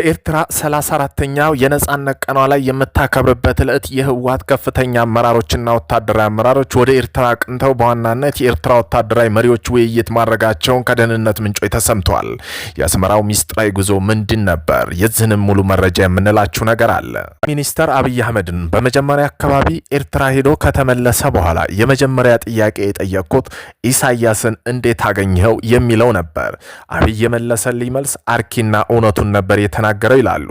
በኤርትራ 34ተኛው የነጻነት ቀኗ ላይ የምታከብርበት ዕለት የህወሀት ከፍተኛ አመራሮችና ወታደራዊ አመራሮች ወደ ኤርትራ አቅንተው በዋናነት የኤርትራ ወታደራዊ መሪዎች ውይይት ማድረጋቸውን ከደህንነት ምንጮች ተሰምቷል። የአስመራው ሚስጥራዊ ጉዞ ምንድን ነበር? የዚህንም ሙሉ መረጃ የምንላችሁ ነገር አለ። ሚኒስተር አብይ አህመድን በመጀመሪያ አካባቢ ኤርትራ ሄዶ ከተመለሰ በኋላ የመጀመሪያ ጥያቄ የጠየቅኩት ኢሳያስን እንዴት አገኘኸው የሚለው ነበር። አብይ የመለሰልኝ መልስ አርኪና እውነቱን ነበር የተና የተናገረው ይላሉ።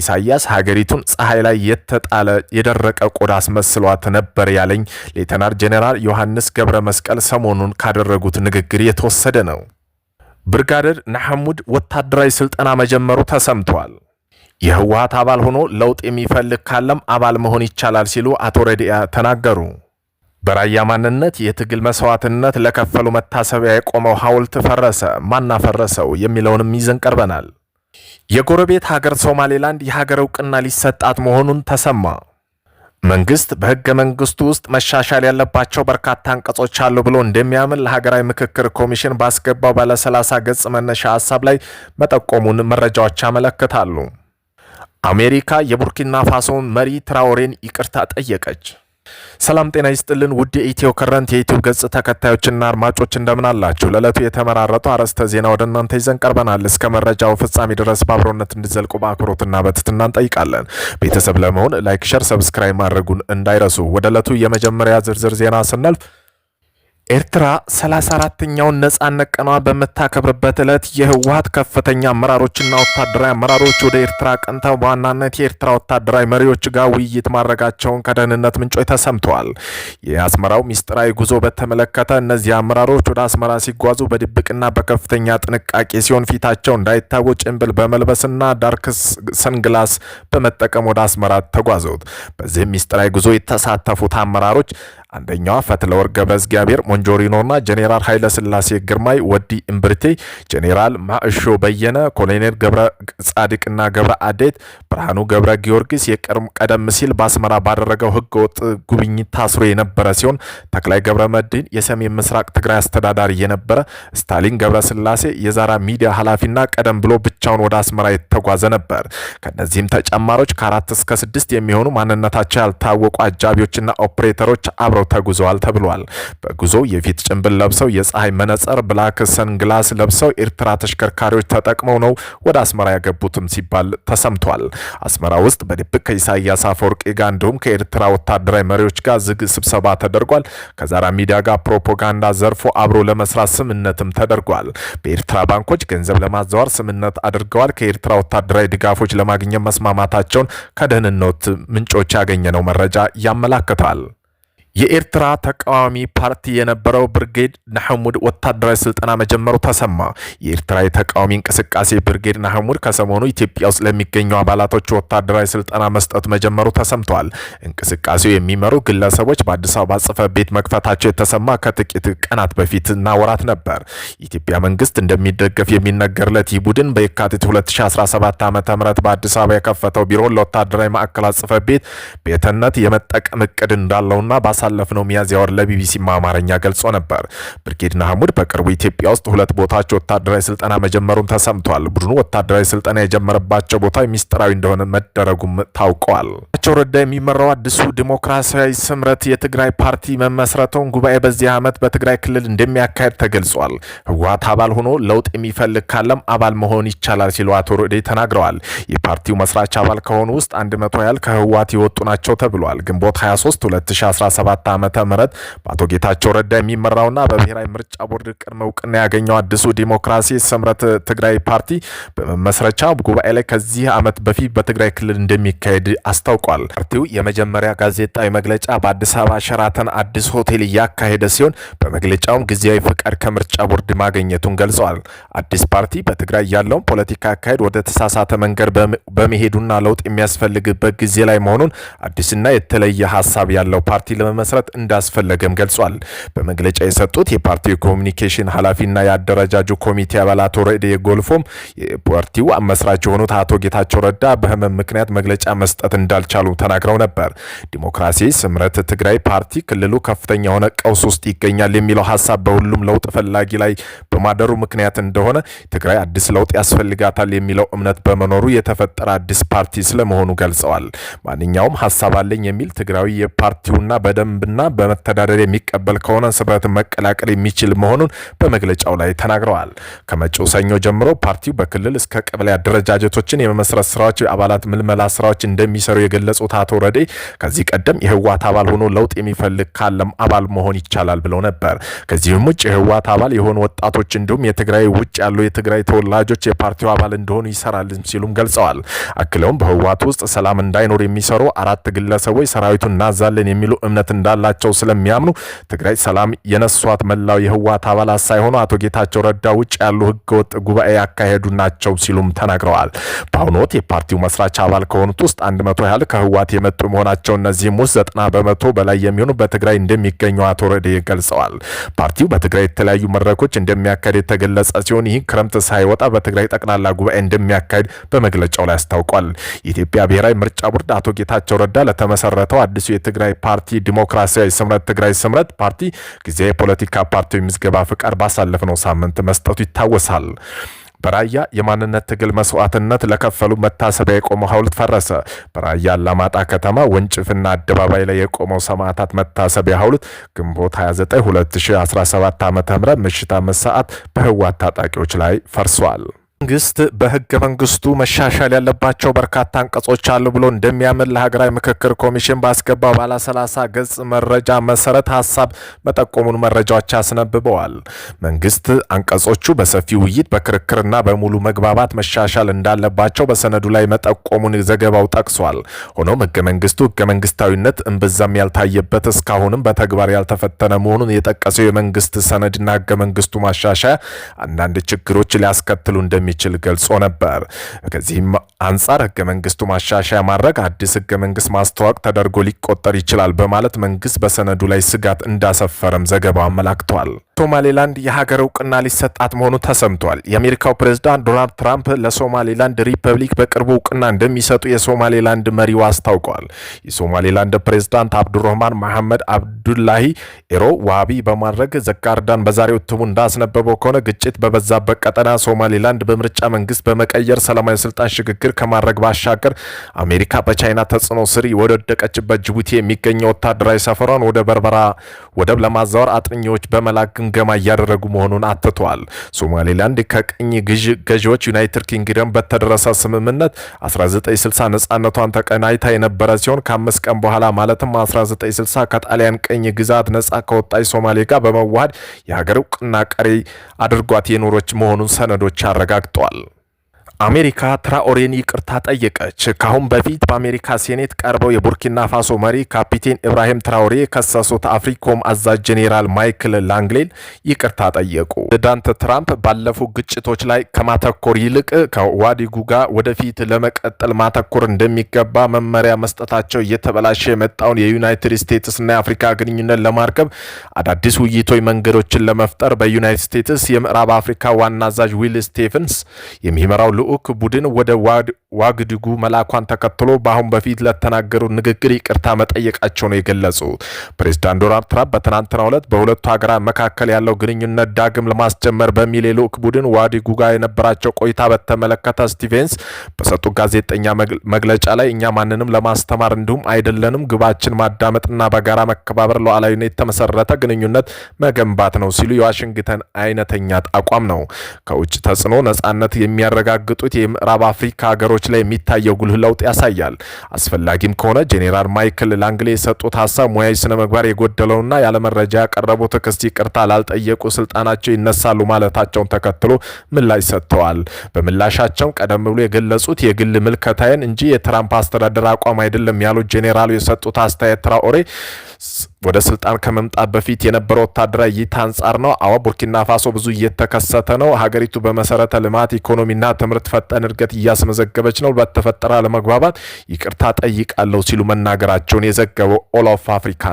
ኢሳያስ ሀገሪቱን ፀሐይ ላይ የተጣለ የደረቀ ቆዳ አስመስሏት ነበር ያለኝ ሌተናር ጄኔራል ዮሐንስ ገብረ መስቀል ሰሞኑን ካደረጉት ንግግር የተወሰደ ነው። ብርጋደር ናሐሙድ ወታደራዊ ስልጠና መጀመሩ ተሰምቷል። የህወሀት አባል ሆኖ ለውጥ የሚፈልግ ካለም አባል መሆን ይቻላል ሲሉ አቶ ረዲያ ተናገሩ። በራያ ማንነት የትግል መስዋዕትነት ለከፈሉ መታሰቢያ የቆመው ሐውልት ፈረሰ። ማናፈረሰው የሚለውንም ይዘን ቀርበናል። የጎረቤት ሀገር ሶማሌላንድ የሀገር እውቅና ሊሰጣት መሆኑን ተሰማ። መንግስት በህገ መንግስቱ ውስጥ መሻሻል ያለባቸው በርካታ አንቀጾች አሉ ብሎ እንደሚያምን ለሀገራዊ ምክክር ኮሚሽን ባስገባው ባለ 30 ገጽ መነሻ ሀሳብ ላይ መጠቆሙን መረጃዎች ያመለክታሉ። አሜሪካ የቡርኪና ፋሶን መሪ ትራውሬን ይቅርታ ጠየቀች። ሰላም ጤና ይስጥልን ውድ የኢትዮ ከረንት የዩቲዩብ ገጽ ተከታዮችና አድማጮች እንደምን አላችሁ? ለዕለቱ የተመራረጡ አርዕስተ ዜና ወደ እናንተ ይዘን ቀርበናል። እስከ መረጃው ፍጻሜ ድረስ በአብሮነት እንዲዘልቁ በአክብሮትና በትትና እንጠይቃለን። ቤተሰብ ለመሆን ላይክ፣ ሸር፣ ሰብስክራይብ ማድረጉን እንዳይረሱ። ወደ ዕለቱ የመጀመሪያ ዝርዝር ዜና ስናልፍ ኤርትራ 34ተኛውን ነጻነት ቀኗ በምታከብርበት ዕለት የህወሀት ከፍተኛ አመራሮችና ወታደራዊ አመራሮች ወደ ኤርትራ ቀንተው በዋናነት የኤርትራ ወታደራዊ መሪዎች ጋር ውይይት ማድረጋቸውን ከደህንነት ምንጮች ተሰምተዋል። የአስመራው ሚስጥራዊ ጉዞ በተመለከተ እነዚህ አመራሮች ወደ አስመራ ሲጓዙ በድብቅና በከፍተኛ ጥንቃቄ ሲሆን ፊታቸው እንዳይታወቅ ጭንብል በመልበስና ዳርክ ሰንግላስ በመጠቀም ወደ አስመራ ተጓዘውት። በዚህም ሚስጥራዊ ጉዞ የተሳተፉት አመራሮች አንደኛዋ ፈትለወርቅ ገብረ እግዚአብሔር ሞንጆሪኖና ጄኔራል ኃይለ ስላሴ ግርማይ፣ ወዲ እምብርቴ፣ ጄኔራል ማእሾ በየነ፣ ኮሎኔል ገብረ ጻድቅና ገብረ አዴት፣ ብርሃኑ ገብረ ጊዮርጊስ ቀደም ሲል በአስመራ ባደረገው ህገወጥ ጉብኝት ታስሮ የነበረ ሲሆን ተክላይ ገብረ መድህን የሰሜን ምስራቅ ትግራይ አስተዳዳሪ የነበረ፣ ስታሊን ገብረ ስላሴ የዛራ ሚዲያ ኃላፊና ቀደም ብሎ ብቻውን ወደ አስመራ የተጓዘ ነበር። ከነዚህም ተጨማሪዎች ከአራት እስከ ስድስት የሚሆኑ ማንነታቸው ያልታወቁ አጃቢዎችና ኦፕሬተሮች አብረው አብረው ተጉዘዋል ተብሏል። በጉዞ የፊት ጭንብል ለብሰው የፀሐይ መነጽር ብላክ ሰንግላስ ለብሰው ኤርትራ ተሽከርካሪዎች ተጠቅመው ነው ወደ አስመራ ያገቡትም ሲባል ተሰምቷል። አስመራ ውስጥ በድብቅ ከኢሳያስ አፈወርቂ ጋር እንዲሁም ከኤርትራ ወታደራዊ መሪዎች ጋር ዝግ ስብሰባ ተደርጓል። ከዛራ ሚዲያ ጋር ፕሮፓጋንዳ ዘርፎ አብሮ ለመስራት ስምነትም ተደርጓል። በኤርትራ ባንኮች ገንዘብ ለማዘዋር ስምነት አድርገዋል። ከኤርትራ ወታደራዊ ድጋፎች ለማግኘት መስማማታቸውን ከደህንነት ምንጮች ያገኘነው መረጃ ያመላክታል። የኤርትራ ተቃዋሚ ፓርቲ የነበረው ብርጌድ ናሐሙድ ወታደራዊ ስልጠና መጀመሩ ተሰማ። የኤርትራ የተቃዋሚ እንቅስቃሴ ብርጌድ ናሐሙድ ከሰሞኑ ኢትዮጵያ ውስጥ ለሚገኙ አባላቶች ወታደራዊ ስልጠና መስጠት መጀመሩ ተሰምተዋል። እንቅስቃሴው የሚመሩ ግለሰቦች በአዲስ አበባ ጽሕፈት ቤት መክፈታቸው የተሰማ ከጥቂት ቀናት በፊትና ወራት ነበር። የኢትዮጵያ መንግስት እንደሚደገፍ የሚነገርለት ይህ ቡድን በየካቲት 2017 ዓ ም በአዲስ አበባ የከፈተው ቢሮ ለወታደራዊ ማዕከላት ጽፈ ቤት ቤትነት የመጠቀም እቅድ እንዳለውና ባሳለፍነው ሚያዝያ ወር ለቢቢሲ አማርኛ ገልጾ ነበር። ብርጌድ ሐሙድ በቅርቡ ኢትዮጵያ ውስጥ ሁለት ቦታዎች ወታደራዊ ስልጠና መጀመሩን ተሰምቷል። ቡድኑ ወታደራዊ ስልጠና የጀመረባቸው ቦታ ሚስጥራዊ እንደሆነ መደረጉም ታውቋል። ቸው ረዳ የሚመራው አዲሱ ዲሞክራሲያዊ ስምረት የትግራይ ፓርቲ መመስረተውን ጉባኤ በዚህ ዓመት በትግራይ ክልል እንደሚያካሄድ ተገልጿል። ህወሀት አባል ሆኖ ለውጥ የሚፈልግ ካለም አባል መሆን ይቻላል ሲሉ አቶ ረዳ ተናግረዋል። የፓርቲው መስራች አባል ከሆኑ ውስጥ አንድ መቶ ያህል ከህወሀት የወጡ ናቸው ተብሏል። ግንቦት 23 2017 2017 ዓመተ ምህረት በአቶ ጌታቸው ረዳ የሚመራውና በብሔራዊ ምርጫ ቦርድ ቅድመ እውቅና ያገኘው አዲሱ ዲሞክራሲ ስምረት ትግራይ ፓርቲ መስረቻ ጉባኤ ላይ ከዚህ ዓመት በፊት በትግራይ ክልል እንደሚካሄድ አስታውቋል። ፓርቲው የመጀመሪያ ጋዜጣዊ መግለጫ በአዲስ አበባ ሸራተን አዲስ ሆቴል እያካሄደ ሲሆን በመግለጫውም ጊዜያዊ ፍቃድ ከምርጫ ቦርድ ማግኘቱን ገልጸዋል። አዲስ ፓርቲ በትግራይ ያለውን ፖለቲካ አካሄድ ወደ ተሳሳተ መንገድ በመሄዱና ለውጥ የሚያስፈልግበት ጊዜ ላይ መሆኑን አዲስና የተለየ ሀሳብ ያለው ፓርቲ ለመመ መመስረት እንዳስፈለገም ገልጿል። በመግለጫ የሰጡት የፓርቲው ኮሚኒኬሽን ኃላፊና የአደረጃጁ ኮሚቴ አባል አቶ ረዴ ጎልፎም የፓርቲው መስራች የሆኑት አቶ ጌታቸው ረዳ በህመም ምክንያት መግለጫ መስጠት እንዳልቻሉ ተናግረው ነበር። ዲሞክራሲ ስምረት ትግራይ ፓርቲ ክልሉ ከፍተኛ የሆነ ቀውስ ውስጥ ይገኛል የሚለው ሀሳብ በሁሉም ለውጥ ፈላጊ ላይ በማደሩ ምክንያት እንደሆነ ትግራይ አዲስ ለውጥ ያስፈልጋታል የሚለው እምነት በመኖሩ የተፈጠረ አዲስ ፓርቲ ስለመሆኑ ገልጸዋል። ማንኛውም ሀሳብ አለኝ የሚል ትግራዊ የፓርቲውና በደም በደንብና በመተዳደር የሚቀበል ከሆነ ስምረትን መቀላቀል የሚችል መሆኑን በመግለጫው ላይ ተናግረዋል። ከመጪው ሰኞ ጀምሮ ፓርቲው በክልል እስከ ቀበሌ አደረጃጀቶችን የመመስረት ስራዎች፣ አባላት ምልመላ ስራዎች እንደሚሰሩ የገለጹት አቶ ረዴ ከዚህ ቀደም የህወሓት አባል ሆኖ ለውጥ የሚፈልግ ካለም አባል መሆን ይቻላል ብለው ነበር። ከዚህም ውጭ የህወሓት አባል የሆኑ ወጣቶች እንዲሁም የትግራይ ውጭ ያሉ የትግራይ ተወላጆች የፓርቲው አባል እንደሆኑ ይሰራል ሲሉም ገልጸዋል። አክለውም በህወሓት ውስጥ ሰላም እንዳይኖር የሚሰሩ አራት ግለሰቦች ሰራዊቱን እናዛለን የሚሉ እምነት እንዳላቸው ስለሚያምኑ ትግራይ ሰላም የነሷት መላው የህወሓት አባላት ሳይሆኑ አቶ ጌታቸው ረዳ ውጭ ያሉ ህገወጥ ጉባኤ ያካሄዱ ናቸው ሲሉም ተናግረዋል። በአሁኑ ወቅት የፓርቲው መስራች አባል ከሆኑት ውስጥ አንድ መቶ ያህል ከህወሓት የመጡ መሆናቸው እነዚህም ውስጥ ዘጠና በመቶ በላይ የሚሆኑ በትግራይ እንደሚገኙ አቶ ረዴ ገልጸዋል። ፓርቲው በትግራይ የተለያዩ መድረኮች እንደሚያካሄድ የተገለጸ ሲሆን ይህ ክረምት ሳይወጣ በትግራይ ጠቅላላ ጉባኤ እንደሚያካሄድ በመግለጫው ላይ አስታውቋል። የኢትዮጵያ ብሔራዊ ምርጫ ቦርድ አቶ ጌታቸው ረዳ ለተመሰረተው አዲሱ የትግራይ ፓርቲ ዲሞ ዲሞክራሲያዊ ስምረት ትግራይ ስምረት ፓርቲ ጊዜ የፖለቲካ ፓርቲ ምዝገባ ፍቃድ ባሳለፍነው ሳምንት መስጠቱ ይታወሳል። በራያ የማንነት ትግል መስዋዕትነት ለከፈሉ መታሰቢያ የቆመው ሐውልት ፈረሰ። በራያ አላማጣ ከተማ ወንጭፍና አደባባይ ላይ የቆመው ሰማዕታት መታሰቢያ ሐውልት ግንቦት 29 2017 ዓ ም ምሽት አምስት ሰዓት በህወሓት ታጣቂዎች ላይ ፈርሷል። መንግስት በህገ መንግስቱ መሻሻል ያለባቸው በርካታ አንቀጾች አሉ ብሎ እንደሚያምን ለሀገራዊ ምክክር ኮሚሽን ባስገባው ባለ ሰላሳ ገጽ መረጃ መሰረት ሀሳብ መጠቆሙን መረጃዎች አስነብበዋል። መንግስት አንቀጾቹ በሰፊ ውይይት በክርክርና በሙሉ መግባባት መሻሻል እንዳለባቸው በሰነዱ ላይ መጠቆሙን ዘገባው ጠቅሷል። ሆኖም ህገ መንግስቱ ህገ መንግስታዊነት እምብዛም ያልታየበት እስካሁንም በተግባር ያልተፈተነ መሆኑን የጠቀሰው የመንግስት ሰነድና ህገ መንግስቱ ማሻሻያ አንዳንድ ችግሮች ሊያስከትሉ እንደሚ እንደሚችል ገልጾ ነበር። ከዚህም አንጻር ህገ መንግስቱ ማሻሻያ ማድረግ አዲስ ህገ መንግስት ማስተዋወቅ ተደርጎ ሊቆጠር ይችላል በማለት መንግስት በሰነዱ ላይ ስጋት እንዳሰፈረም ዘገባው አመላክቷል። ሶማሌላንድ የሀገር እውቅና ሊሰጣት መሆኑ ተሰምቷል። የአሜሪካው ፕሬዝዳንት ዶናልድ ትራምፕ ለሶማሌላንድ ሪፐብሊክ በቅርቡ እውቅና እንደሚሰጡ የሶማሌላንድ መሪው አስታውቀዋል። የሶማሌላንድ ፕሬዝዳንት አብዱራህማን መሐመድ አብዱላሂ ኤሮ ዋቢ በማድረግ ዘጋርዳን በዛሬው እትሙ እንዳስነበበው ከሆነ ግጭት በበዛበት ቀጠና ሶማሌላንድ በምርጫ መንግስት በመቀየር ሰላማዊ ስልጣን ሽግግር ከማድረግ ባሻገር አሜሪካ በቻይና ተጽዕኖ ስር ወደወደቀችበት ጅቡቲ የሚገኘው ወታደራዊ ሰፈሯን ወደ በርበራ ወደብ ለማዛወር አጥኚዎች በመላክ ግምገማ እያደረጉ መሆኑን አትተዋል። ሶማሌላንድ ከቅኝ ገዢዎች ዩናይትድ ኪንግደም በተደረሰ ስምምነት 1960 ነጻነቷን ተቀናይታ የነበረ ሲሆን ከአምስት ቀን በኋላ ማለትም 1960 ከጣሊያን ቅኝ ግዛት ነጻ ከወጣች ሶማሌ ጋር በመዋሃድ የሀገር እውቅና ቀሪ አድርጓት የኖሮች መሆኑን ሰነዶች አረጋግጠዋል። አሜሪካ ትራኦሬን ይቅርታ ጠየቀች። ከአሁን በፊት በአሜሪካ ሴኔት ቀርበው የቡርኪና ፋሶ መሪ ካፒቴን ኢብራሂም ትራኦሬ የከሰሱት አፍሪኮም አዛዥ ጄኔራል ማይክል ላንግሌን ይቅርታ ጠየቁ። ፕሬዚዳንት ትራምፕ ባለፉ ግጭቶች ላይ ከማተኮር ይልቅ ከዋዲጉ ጋር ወደፊት ለመቀጠል ማተኮር እንደሚገባ መመሪያ መስጠታቸው እየተበላሸ የመጣውን የዩናይትድ ስቴትስና የአፍሪካ ግንኙነት ለማርገብ አዳዲስ ውይይቶች መንገዶችን ለመፍጠር በዩናይትድ ስቴትስ የምዕራብ አፍሪካ ዋና አዛዥ ዊል ስቴፈንስ የሚመራው ልዑ የልዑክ ቡድን ወደ ዋግድጉ መላኳን ተከትሎ በአሁን በፊት ለተናገሩ ንግግር ይቅርታ መጠየቃቸው ነው የገለጹት። ፕሬዚዳንት ዶናልድ ትራምፕ በትናንትናው ዕለት በሁለቱ ሀገራት መካከል ያለው ግንኙነት ዳግም ለማስጀመር በሚል የልዑክ ቡድን ዋግድጉ ጋር የነበራቸው ቆይታ በተመለከተ ስቲቨንስ በሰጡት ጋዜጠኛ መግለጫ ላይ እኛ ማንንም ለማስተማር እንዲሁም አይደለንም፣ ግባችን ማዳመጥና በጋራ መከባበር፣ ሉዓላዊነት የተመሰረተ ግንኙነት መገንባት ነው ሲሉ የዋሽንግተን አይነተኛ አቋም ነው። ከውጭ ተጽዕኖ ነጻነት የሚያረጋግጡት የምዕራብ አፍሪካ ሀገሮች ሰዎች ላይ የሚታየው ጉልህ ለውጥ ያሳያል። አስፈላጊም ከሆነ ጄኔራል ማይክል ላንግሌ የሰጡት ሀሳብ ሙያዊ ስነ ምግባር የጎደለውና ያለመረጃ ያቀረቡት ክስ ይቅርታ ላልጠየቁ ስልጣናቸው ይነሳሉ ማለታቸውን ተከትሎ ምላሽ ሰጥተዋል። በምላሻቸው ቀደም ብሎ የገለጹት የግል ምልከታዬን እንጂ የትራምፕ አስተዳደር አቋም አይደለም ያሉት ጄኔራሉ የሰጡት አስተያየት ትራኦሬ ወደ ስልጣን ከመምጣት በፊት የነበረው ወታደራዊ እይታ አንጻር ነው። አዎ ቡርኪና ፋሶ ብዙ እየተከሰተ ነው። ሀገሪቱ በመሰረተ ልማት፣ ኢኮኖሚና ትምህርት ፈጣን እድገት እያስመዘገበች ነው። በተፈጠረ አለመግባባት ይቅርታ ጠይቃለሁ ሲሉ መናገራቸውን የዘገበው ኦል ኦፍ አፍሪካ